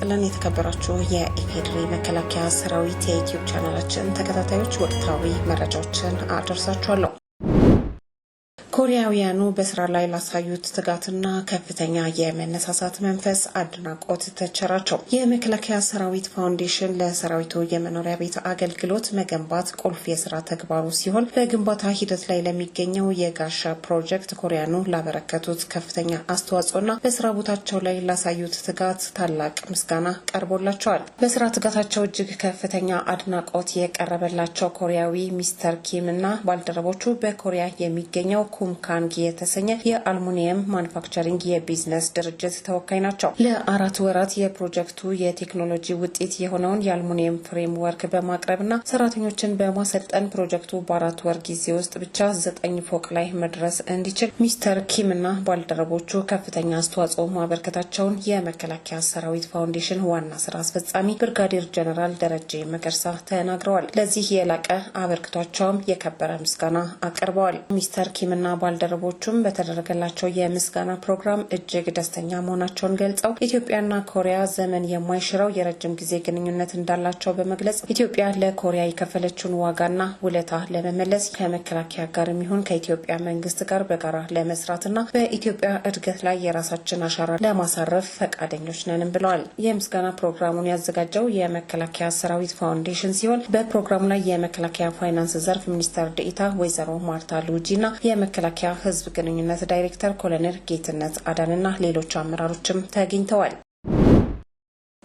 ሰላም የተከበራችሁ የኢፌዴሪ መከላከያ ሰራዊት የዩቲዩብ ቻናላችን ተከታታዮች ወቅታዊ መረጃዎችን አደርሳችኋለሁ። ኮሪያውያኑ በስራ ላይ ላሳዩት ትጋትና ከፍተኛ የመነሳሳት መንፈስ አድናቆት ተቸራቸው። የመከላከያ ሰራዊት ፋውንዴሽን ለሰራዊቱ የመኖሪያ ቤት አገልግሎት መገንባት ቁልፍ የስራ ተግባሩ ሲሆን በግንባታ ሂደት ላይ ለሚገኘው የጋሻ ፕሮጀክት ኮሪያኑ ላበረከቱት ከፍተኛ አስተዋጽኦና በስራ ቦታቸው ላይ ላሳዩት ትጋት ታላቅ ምስጋና ቀርቦላቸዋል። በስራ ትጋታቸው እጅግ ከፍተኛ አድናቆት የቀረበላቸው ኮሪያዊ ሚስተር ኪም እና ባልደረቦቹ በኮሪያ የሚገኘው ቱምካንግ የተሰኘ የአልሙኒየም ማኑፋክቸሪንግ የቢዝነስ ድርጅት ተወካይ ናቸው። ለአራት ወራት የፕሮጀክቱ የቴክኖሎጂ ውጤት የሆነውን የአልሙኒየም ፍሬምወርክ በማቅረብና ሰራተኞችን በማሰልጠን ፕሮጀክቱ በአራት ወር ጊዜ ውስጥ ብቻ ዘጠኝ ፎቅ ላይ መድረስ እንዲችል ሚስተር ኪም እና ባልደረቦቹ ከፍተኛ አስተዋጽኦ ማበርከታቸውን የመከላከያ ሰራዊት ፋውንዴሽን ዋና ስራ አስፈጻሚ ብርጋዴር ጀነራል ደረጀ መገርሳ ተናግረዋል። ለዚህ የላቀ አበርክቷቸውም የከበረ ምስጋና አቅርበዋል። ሚስተር ኪምና ባልደረቦቹም በተደረገላቸው የምስጋና ፕሮግራም እጅግ ደስተኛ መሆናቸውን ገልጸው ኢትዮጵያና ኮሪያ ዘመን የማይሽረው የረጅም ጊዜ ግንኙነት እንዳላቸው በመግለጽ ኢትዮጵያ ለኮሪያ የከፈለችውን ዋጋና ውለታ ለመመለስ ከመከላከያ ጋር የሚሆን ከኢትዮጵያ መንግስት ጋር በጋራ ለመስራትና በኢትዮጵያ እድገት ላይ የራሳችን አሻራ ለማሳረፍ ፈቃደኞች ነንም ብለዋል። የምስጋና ፕሮግራሙን ያዘጋጀው የመከላከያ ሰራዊት ፋውንዴሽን ሲሆን በፕሮግራሙ ላይ የመከላከያ ፋይናንስ ዘርፍ ሚኒስተር ዴኤታ ወይዘሮ ማርታ ሉጂ የመከላ መከላከያ ህዝብ ግንኙነት ዳይሬክተር ኮሎኔል ጌትነት አዳንና ሌሎች አመራሮችም ተገኝተዋል።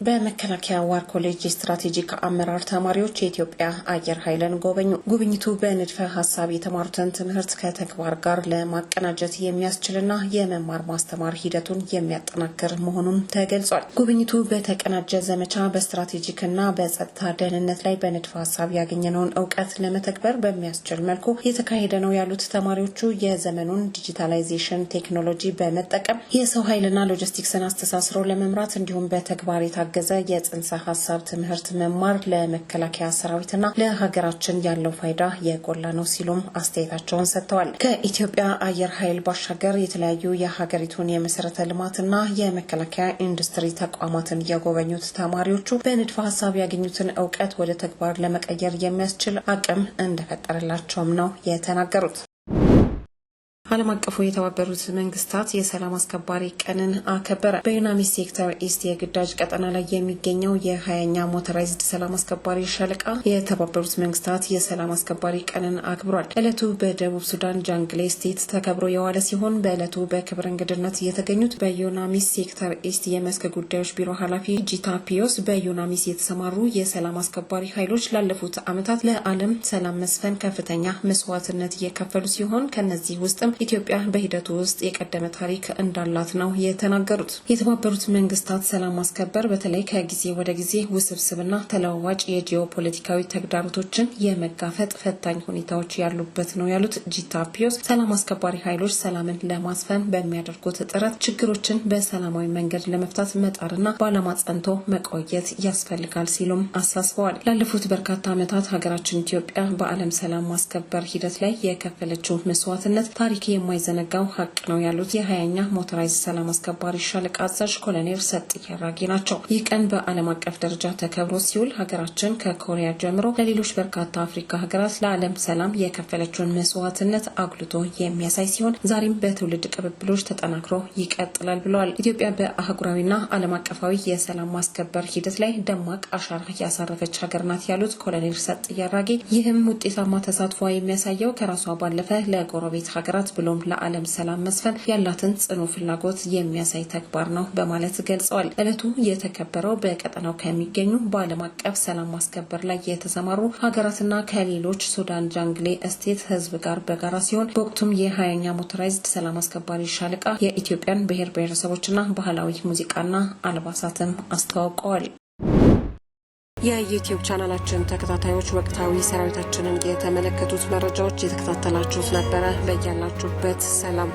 በመከላከያ ዋር ኮሌጅ የስትራቴጂክ አመራር ተማሪዎች የኢትዮጵያ አየር ኃይልን ጎበኙ። ጉብኝቱ በንድፈ ሀሳብ የተማሩትን ትምህርት ከተግባር ጋር ለማቀናጀት የሚያስችልና የመማር ማስተማር ሂደቱን የሚያጠናክር መሆኑን ተገልጿል። ጉብኝቱ በተቀናጀ ዘመቻ በስትራቴጂክና በጸጥታ ደህንነት ላይ በንድፈ ሀሳብ ያገኘነውን እውቀት ለመተግበር በሚያስችል መልኩ የተካሄደ ነው ያሉት ተማሪዎቹ የዘመኑን ዲጂታላይዜሽን ቴክኖሎጂ በመጠቀም የሰው ኃይልና ሎጂስቲክስን አስተሳስሮ ለመምራት እንዲሁም በተግባር የታ የታገዘ የጽንሰ ሀሳብ ትምህርት መማር ለመከላከያ ሰራዊትና ለሀገራችን ያለው ፋይዳ የጎላ ነው ሲሉም አስተያየታቸውን ሰጥተዋል። ከኢትዮጵያ አየር ኃይል ባሻገር የተለያዩ የሀገሪቱን የመሰረተ ልማትና የመከላከያ ኢንዱስትሪ ተቋማትን የጎበኙት ተማሪዎቹ በንድፈ ሀሳብ ያገኙትን እውቀት ወደ ተግባር ለመቀየር የሚያስችል አቅም እንደፈጠረላቸውም ነው የተናገሩት። ዓለም አቀፉ የተባበሩት መንግስታት የሰላም አስከባሪ ቀንን አከበረ። በዩናሚ ሴክተር ኢስት የግዳጅ ቀጠና ላይ የሚገኘው የሀያኛ ሞተራይዝድ ሰላም አስከባሪ ሻለቃ የተባበሩት መንግስታት የሰላም አስከባሪ ቀንን አክብሯል። እለቱ በደቡብ ሱዳን ጃንግሌ ስቴት ተከብሮ የዋለ ሲሆን በእለቱ በክብር እንግድነት የተገኙት በዩናሚስ ሴክተር ኢስት የመስክ ጉዳዮች ቢሮ ኃላፊ ጂታ ፒዮስ በዩናሚስ የተሰማሩ የሰላም አስከባሪ ኃይሎች ላለፉት ዓመታት ለዓለም ሰላም መስፈን ከፍተኛ መስዋዕትነት እየከፈሉ ሲሆን ከነዚህ ውስጥም ኢትዮጵያ በሂደቱ ውስጥ የቀደመ ታሪክ እንዳላት ነው የተናገሩት። የተባበሩት መንግስታት ሰላም ማስከበር በተለይ ከጊዜ ወደ ጊዜ ውስብስብና ተለዋዋጭ የጂኦ ፖለቲካዊ ተግዳሮቶችን የመጋፈጥ ፈታኝ ሁኔታዎች ያሉበት ነው ያሉት ጂታፒዮስ ሰላም አስከባሪ ኃይሎች ሰላምን ለማስፈን በሚያደርጉት ጥረት ችግሮችን በሰላማዊ መንገድ ለመፍታት መጣርና በዓላማ ጸንቶ መቆየት ያስፈልጋል ሲሉም አሳስበዋል። ላለፉት በርካታ ዓመታት ሀገራችን ኢትዮጵያ በዓለም ሰላም ማስከበር ሂደት ላይ የከፈለችው መስዋዕትነት ታሪክ የማይዘነጋው ሀቅ ነው ያሉት የሀያኛ ሞተራይዝ ሰላም አስከባሪ ሻለቃ አዛዥ ኮሎኔል ሰጥ ያራጌ ናቸው። ይህ ቀን በዓለም አቀፍ ደረጃ ተከብሮ ሲውል ሀገራችን ከኮሪያ ጀምሮ ለሌሎች በርካታ አፍሪካ ሀገራት ለዓለም ሰላም የከፈለችውን መስዋዕትነት አጉልቶ የሚያሳይ ሲሆን ዛሬም በትውልድ ቅብብሎች ተጠናክሮ ይቀጥላል ብለዋል። ኢትዮጵያ በአህጉራዊና ዓለም አቀፋዊ የሰላም ማስከበር ሂደት ላይ ደማቅ አሻራ ያሳረፈች ሀገር ናት ያሉት ኮሎኔል ሰጥ ያራጌ ይህም ውጤታማ ተሳትፏ የሚያሳየው ከራሷ ባለፈ ለጎረቤት ሀገራት ብሎም ለዓለም ሰላም መስፈን ያላትን ጽኑ ፍላጎት የሚያሳይ ተግባር ነው በማለት ገልጸዋል። እለቱ የተከበረው በቀጠናው ከሚገኙ በዓለም አቀፍ ሰላም ማስከበር ላይ የተሰማሩ ሀገራትና ከሌሎች ሱዳን ጃንግሌ እስቴት ህዝብ ጋር በጋራ ሲሆን በወቅቱም የሀያኛ ሞተራይዝድ ሰላም አስከባሪ ሻለቃ የኢትዮጵያን ብሔር ብሔረሰቦችና ባህላዊ ሙዚቃና አልባሳትም አስተዋውቀዋል። የዩቲዩብ ቻናላችን ተከታታዮች ወቅታዊ ሰራዊታችንን የተመለከቱት መረጃዎች የተከታተላችሁት ነበረ። በያላችሁበት ሰላም